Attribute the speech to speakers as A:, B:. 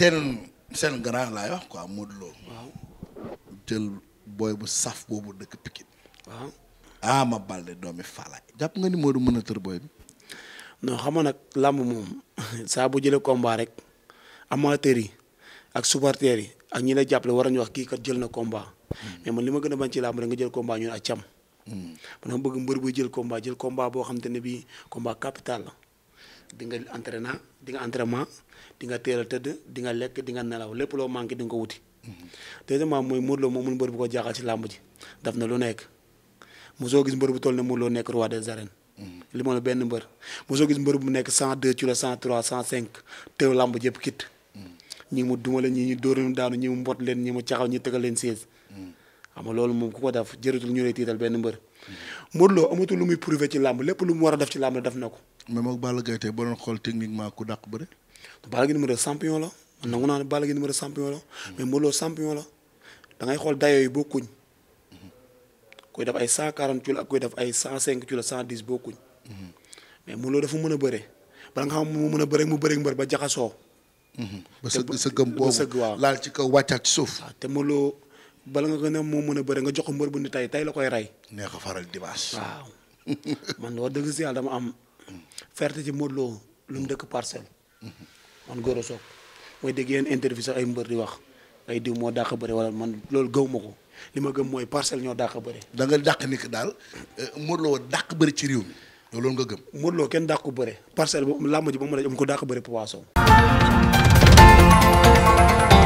A: seen seen grand laay wax quoi Modou Lo. jël booy bu saf boobu dëkk Pikine. waaw Ama Baldé
B: doomi Faalaay. jàpp nga ni Modou mën a tër booy bi. non xam nga nag làmb moom saa bu jëlee combat rek amateur yi ak supporters yi ak ñi la jàppale war nañu wax kii kat jël na combat. Hmm. mais man li ma gën a bañ ci làmb rek nga jël combat ñu ne cam. Hmm. man dama bëgg mbër buy jël combat jël combat boo xam te ne bii combat capital la. di nga entraînement di nga entraînement di nga teel a tëdd di nga lekk di nga nelaw lépp loo manqué di nga ko wuti. Mhm. deuxièmement mooy Modou Lo moom mu mbër bu ko jaaxal ci làmb ji daf na lu nekk soo gis mbër bu toll ne Modou Lo nekk roi des arènes. Mhm. li ma la benn mbër mosoo gis mbër bu nekk 102 kilos 103 105 teew làmb jëpp kit. Mhm. ñi mu dumale ñi ñu dóor leen daanu ñi mu mbot leen ñi mu caxaw ñi tëgal leen siis xam nga loolu moom ku ko def jëratul ñu lay tiital benn mbër. Modou Lo amatul lu muy prouver ci làmb lépp lu mu war a def ci làmb def na ko. mais moom Balla Gaye tey boo doon xool techniquement ku dàq bëre. Balla Gaye numéro champion la man nangu naa ne Balla Gaye numéro champion la mais Modou da ngay xool dayoo yi bokkuñ koy def ay cent quarante kilos ak koy def ay cent cinq kilos cent dix bokkuñ mais Modou dafa mën a bëre bala nga xam mu mën a bëre mu bëre mbër ba jaxasoo. ba sëgg sëggam boobu waaw laal ci kaw wàccaat ci suuf. te Modou bala nga ko ne mën a bëre nga jox ko mbër bu ni tey tey la koy rey.
A: neex a faral dimanche. waaw
B: man loolu dëgg si yàlla dama am. ferte ci Modou Lo lu mu dëkk parcelle. man goro Sock mooy dégg yenn interview sax ay mbër di wax ay diw moo dàq bëri walla man loolu gëw ma ko li ma gëm mooy parcelle ñoo dàq bëri. da nga dàq ni daal euh, Modou Lo dàq bëri ci riw mi yow loolu nga gëm. Modou Lo kenn dàq ko bëri parcelle boobu ji ba mu daj am ko dàq bëri Papa Sow.